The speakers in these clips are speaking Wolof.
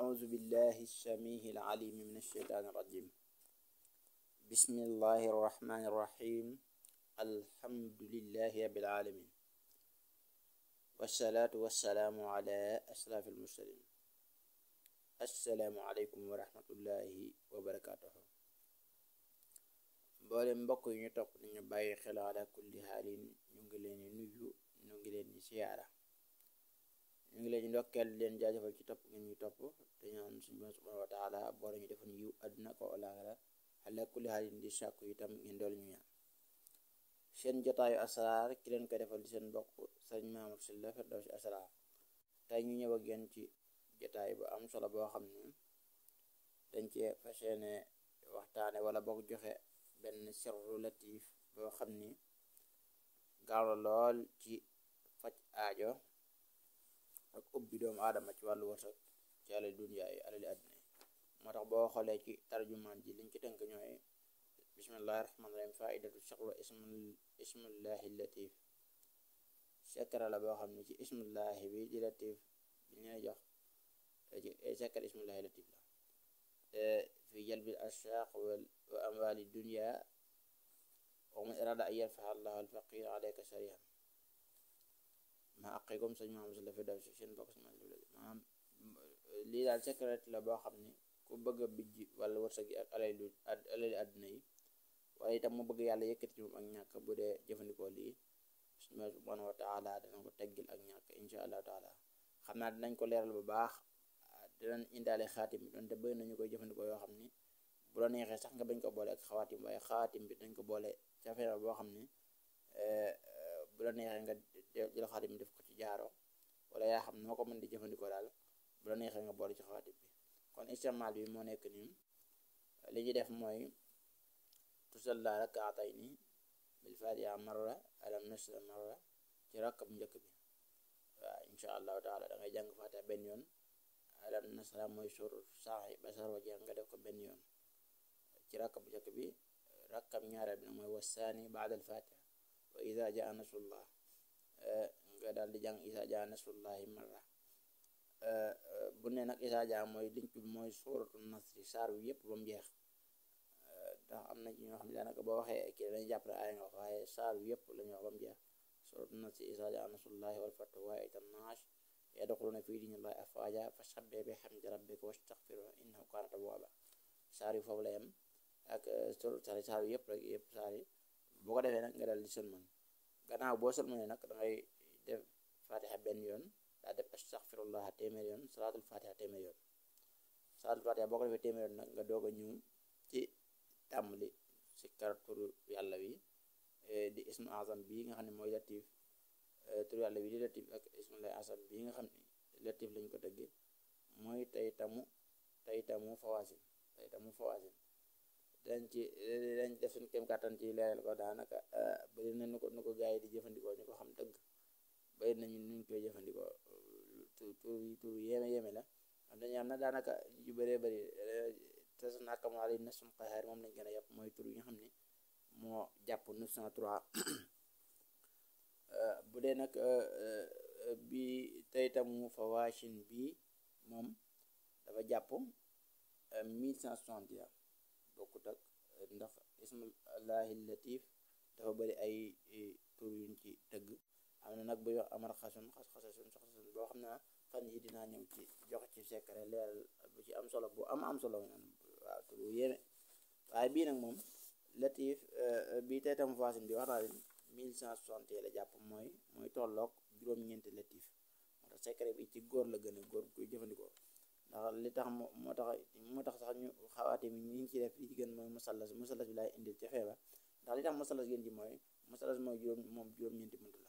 أعوذ بالله السميع العليم من الشيطان الرجيم بسم الله الرحمن الرحيم الحمد لله رب العالمين والصلاة والسلام على أشرف المرسلين السلام عليكم ورحمة الله وبركاته mboolem mbokk yi ñu topp nañu bàyyi xel ala kulli xaalin ñu ngi leen di ñu ngi leen di ndokkeel leen jaajëfal ci topp ngeen ñu topp te ñaan suñu borom subhanahu wa ñu defoon yiw àdduna ko alaxira ala kulli haalin di sàkku itam ngeen dool ñu ñaan seen jotaayu asraar ki leen koy defal di seen mbokk sëriñ Mamour la Firdawsi asraar tey ñu ñëw ak yéen ci jotaay bu am solo boo xam ne dañ ci fas yéene waxtaane wala boog joxe benn sirru latif boo xam ni gaaw lool ci faj aajo ak ubbi doomu aadama ci wàllu wërsëg ci alali dunyaa yi alali moo tax boo xoolee ci tarjumaan ji liñ ci tënk ñooy bismillahi rahmaani rahim faidatu shaqwa ismullahi latif sekkara la boo xam ne ci ismullahi bi di latif bi ñu lay jox sekkar ismullahi latif la fi jalbil ashaaq wa amwaali dunya wa man irada an yarfaha allahu alfaqir alayka sarihan ma aqee comme sëñ Maam si la fi lii daal secret la boo xam ne ku bëgg a bijji wala wërsëg yi ak alali alali àdduna yi waaye itam mu bëgg yàlla yëkkati ci moom ak ñàkk bu dee jëfandikoo lii su subhanahu wa taala dana ko teggil ak ñàkk insha allahu taala xam naa dinañ ko leeral bu baax dinañ indaale xaatim bi donte bëri nañu koy jëfandikoo yoo xam ne bu la neexee sax nga bañ ko boole ak xawaatim waaye xaatim bi dañ ko boole ca fexe boo xam ne eh, bu la neexee ya nga jël xaatim def ko ci jaaro wala yaa xam noo ko mën di jëfandikoo daal bu la neexee ya nga boole ci xaatim bi kon istimaal bi moo nekk nii li ñu def mooy tusalla rakaatayni bil fatiha marra alam nasra marra ci rakka bu njëkk bi waaw insha allah taala da ngay jàng fatiha benn yoon alam nasra mooy sur saaxi ba sar wa jeex nga def ko benn yoon ci rakka bu njëkk bi rakkam ñaareel bi mooy wasaani al fatiha wa iza jaa nasrullah eh, nga daal di jàng iza jaa nasrullahi marra eh, eh, bu ne nag iza jaa mooy liñ ci mooy suuratu nasri saar wi yëpp ba mu jeex ndax am na ñu ñoo xam ne daanaka boo waxee kii dañuy jàpp ne aaya nga waaye saar wi yëpp la ñu wax ba mu jeex suuratu nasri iza jaa nasrullahi wal fath wa ra'aytan naas yadxuluuna fii diinillaahi afwaaja fasabbih bihamdi rabbika wastaghfirhu innahu kaana tawwaaba saar yu foofu la yem ak sar saar yëpp rek yëpp saar boo ko defee nag nga daal di sëlmal gannaaw boo sëlmalee nag da ngay def fatiha benn yoon daa def astaghfirullah téeméer yoon salaatul fatiha téeméer yoon salaatul fatiha boo ko defee téeméer yoon nag nga doog a ñëw ci tàmbali si kar turu yàlla wi eh, di ismu azam bii nga xam ne mooy latif eh, turu yàlla wi di latif ak ismu azam nga xam ne latif lañ ko tëgge mooy tey tamu tey tamu fawasin tey tamu dañ ci dañ def suñ kem kàttan ci leeral ko daanaka eh, bëri na nu ko nu ko gars yi di jëfandikoo ñu ko xam dëgg bëri nañu nuñ koy jëfandikoo tur tur yéeme yéeme la am dañu am na daanaka ju bëree bëri eh, te su naakam na sum moom nañ gën a yàpp mooy tur yi nga xam ne moo jàpp 903 eh, bu dee nag bi tey tamu fawaashin bi moom dafa jàpp 1161 bokkut ak ndax ismullahi latif dafa bari ay e, tur yuñ ci tëgg am na nag bu yox amar xasun xas-xasasun saxasun boo xam naa fan yi dinaa ñëw ci jox ci secret leeral bu ci am solo bu am am solo naan waaye bii nag moom latif e, e, bii tey tam voisin bi wax naa leen mille cent soixante la jàpp mooy mooy tolloog juróom-ñeenti latif moo tax bi ci góor la gën a góor kuy jëfandikoo ndax li tax moo moo tax moo tax sax ñu xawaate mi ñu ngi ci def yi ci gën mooy musallas musallas bi laay indil ci la ndax li tax musallas gën ji mooy musallas mooy juróom moom juróom-ñeenti bunt la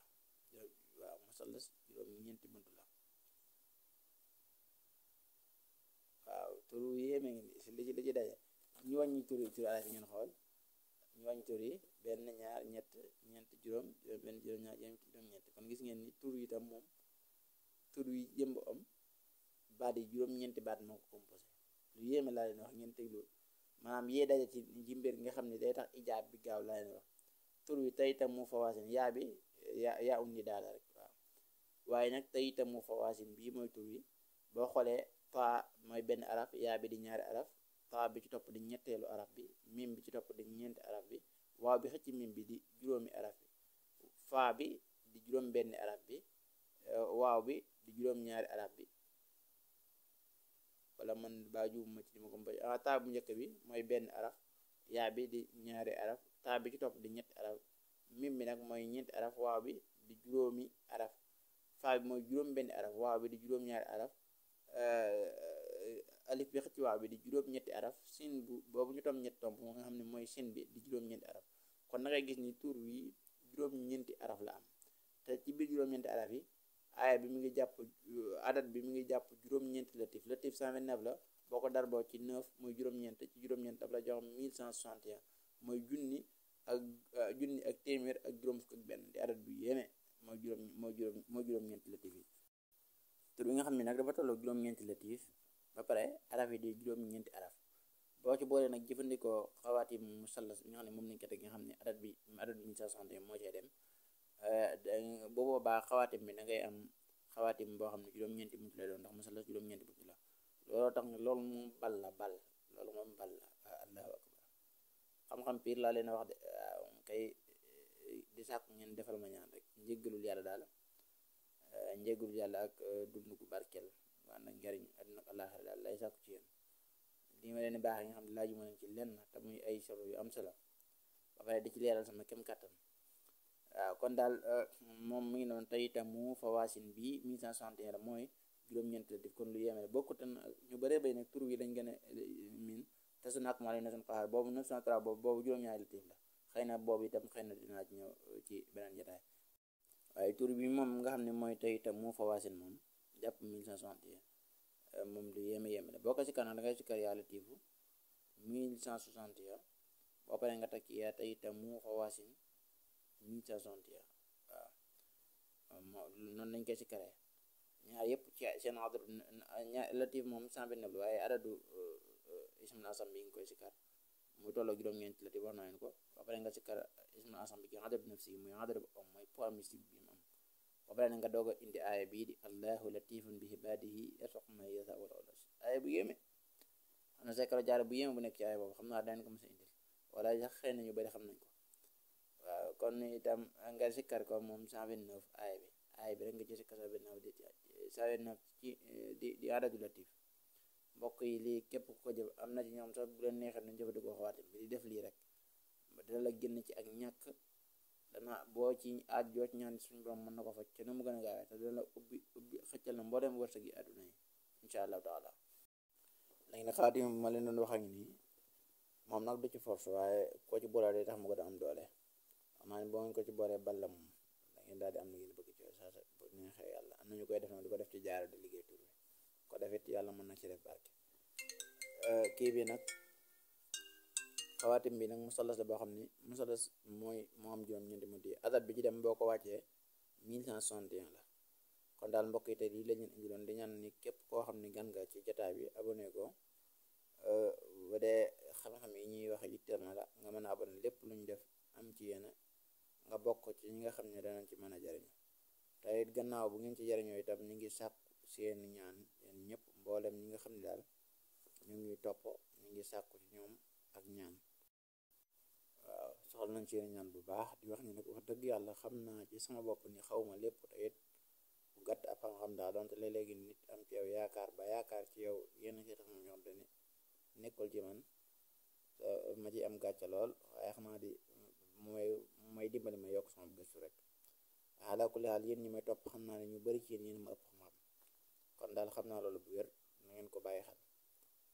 waaw musallas juróom-ñeenti bunt la waaw turu yéeme ngi si li ci li ñu wàññi tur yi tur arab yi ñu wàññi tur yi benn ñaar ñett ñeent juróom juróom benn juróom ñaar kon gis ngeen ni tur yi tam moom tur yi jëmb am baat yi juróom-ñeenti baat moo ko lu yéeme laa leen wax ngeen teglu maanaam yee daje ci ci mbir nga xam ne day tax ijaab bi gaaw laa leen wax tur wi tey itam mu fawaasin yaa bi yaa yaa daal um ni rek waaw nag tey itam mu fawaasin bii mooy tur boo xoolee pa mooy benn araf bi di ñaari araf pa bi ci topp di ñetteelu araf bi mim bi ci topp di ñeenti araf bi waaw bi xëcc mim bi di juróomi araf bi faa bi di juróom benn bi waaw di juróom ñaari araf bi eh, wala man baa ma ci li ma ko mbay ah taa bu njëkk bi mooy benn araf yaa bi di ñaari araf taa bi ci topp di ñetti araf mim bi nag mooy ñeenti araf waaw bi di juróomi araf faa bi mooy juróom benn araf waaw bi di juróom ñaari araf euh, alif bi xëcc waaw bi di juróom araf sin boobu ñu tom ñetti tomb moo nga xam ne mooy sin bi di juróom ñeenti araf kon na gis ni tuur wi juróom ñeenti araf la am te ci biir juróom ñeenti araf yi aaya bi mu ngi jàpp adat bi mu ngi jàpp juróom-ñeenti latif latif 129 la boo ko darboo ci 9 mooy juróom-ñeent ci juróom-ñeent daf la jox 1161 mooy junni ak euh, junni ak téeméer ak juróom benn di adat bu mooy juróom mooy juróom mooy juróom-ñeenti latif yi te bi nga xam ne nag dafa tolloo juróom-ñeenti latif ba pare araf yi di juróom-ñeenti araf boo ci boolee nag jëfandikoo xawaati musallas bi nga xam ne moom lañ ko nga xam ne adat bi adat bi 1161 moo cee dem bu boobaa xawaatim bi da ngay am xawaatim boo xam ne juróom-ñeenti bunt lay doon ndax masala juróom-ñeenti bunt la looloo tax loolu moom bal la bal loolu moom bal la allahu akbar xam-xam piir laa leen wax de kay di sàkku ngeen defal ma ñaan rek njéggalul yàlla daal eh, njéggalul yàlla ak eh, dund gu barkeel waan ak njariñ àdduna ak àllaaxira daal lay sàkku ci yéen li ma leen baax nga xam ne laa ma leen ci lenn te muy ay solo yu am solo ba pare di ci leeral sama kem kàttan waaw kon daal euh, moom mu ngi noonu tey itam mu fawaasin bi 1161 la mooy juróom-ñeenti la kon lu yéeme bokkut ñu bëree bay nag tur wi dañ gën a euh, miin te su naak maa lay na suñ xaar boobu 903 boobu boobu juróom-ñaari latif la xëy na boobu itam xëy na dinaa ci ñëw euh, ci beneen jotaay waaye tur bi moom nga xam ne mooy tey itam mu fawaasin moom jàpp 1161 moom lu yéeme yéeme la boo ko si kanam da ngay si kër yaa latifu 1161 boo paree nga takk yaa tey itam mu fawaasin ñi sa sonti waaw noonu nañ koy si kare ñaar yëpp ci seen adad latif moom cent vingt-neuf waaye adadu euh, euh, ismul asam bi nga koy si kar muy tolloo juróom-ñeenti latif wax naa ko ba pare nga si kar ismul asam bi ki adadu nafsi muy adadu am mooy poids mystique bi mu am ba pare nga doog a indi aaya bii di allahu latifun bi ibaadihi yarzuqu man yashaa wa laa yushrik aaya bu yéeme am na sekaro jaare bu yéeme bu nekk ci aaya boobu xam naa daan ko mos a indil wala sax xëy xam nañ ko waaw kon itam nga sikkar ko moom cent vingt neuf aay bi aay bi rek nga ci sikkar cent vingt neuf di cent vingt neuf ci di di adadu latif mbokk yi lii képp ku ko jëf am na ci ñoom sax bu leen neexee nañ jëfandikoo xawaatim bi def lii rek dina la génn ci ak ñàkk dana boo ci aaj joo ci ñaan suñu mën na ko faj te nu mu gën a gaawee te dina la ubbi ubbi xëccal na mbooleem wërsëg yi àdduna yi incha allahu taala léegi nag xawaatim ma leen doon wax moom nag du ci force waaye koo ci boolaale tax mu gën a doole xam ne boo ngeen ko ci booree balla moom da daal di am na ngeen bëgg ci saa sa bu yàlla am na koy def nag di ko def ci jaara di liggéey tur bi ko defit yàlla mën na ci def barke euh, kii bi nag xawaatim bi nag musallas la boo xam ni musallas mooy moo am juróom ñeenti mu di adab bi ci dem boo ko wàccee 1161 la kon daal mbokk yi tey lii la di ñan ni képp koo xam ni gan nga ci jotaay bi abonné ko euh, bu dee xam-xam yi ñuy wax yitteel la nga mën a abonné lépp lu ñu def am ci yéena nga bokk ci ñi nga xam ne danañ ci mën a jariñu te it gannaaw bu ngeen ci jariñoo itam ñu ngi sàkku seen ñaan ñëpp mboolem ñi nga xam ne daal ñu ngi topp ñu ngi sàkku ci ñoom ak ñaan waaw soxla nañ seen ñaan bu baax di wax ni nag wax dëgg yàlla xam naa ci sama bopp ni xawma lépp te it bu xam-xam daal donte léeg-léegi nit am ci yow yaakaar yaakaar ci yow yenn ci tax ñoom ci man ma am lool waaye xam di mooy may dimbali ma yokk sama gëstu rek ala kulli hal yéen ñi may topp xam naa ne ñu bari ci yéen ma ëpp xam-xam kon daal xam naa loolu bu wér na ngeen ko bàyyi xel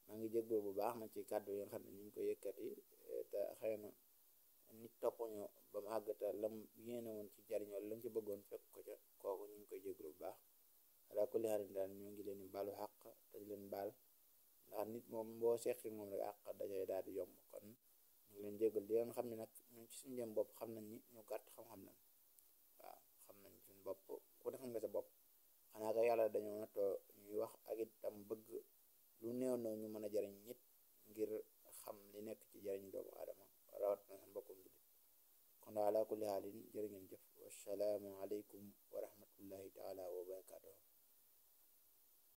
ma ngi jégalu bu baax na ci kàddu yi nga xam ne ñu ngi ko yëkkati te xëy na nit toppuñu ba mu àgg te lam yéene woon ci jariñoo lañ ci bëggoon fekk ko ca kooku ñu ngi koy jégalu bu baax ala kulli hal daal ñu ngi leen balu baalu xàq te leen baal ndax nit moom boo seqi moom rek àq dajay daal di yomb kon ñu leen jégalu di leen xam ne nag ñun ci suñu jëm bopp xam nañ ni ñu gàtt xam-xam lañ waaw xam nañ suñu bopp ku ne xam nga sa bopp xanaa ko yàlla dañoo natoo ñuy wax ak itam bëgg lu néew na ñu mën a jariñ nit ngir xam li nekk ci jariñ doomu aadama rawat na seen bokkum jullit kon daal ala kulli haalin ngeen jëf wasalaamu aleykum wa rahmatullahi wa barakatuhu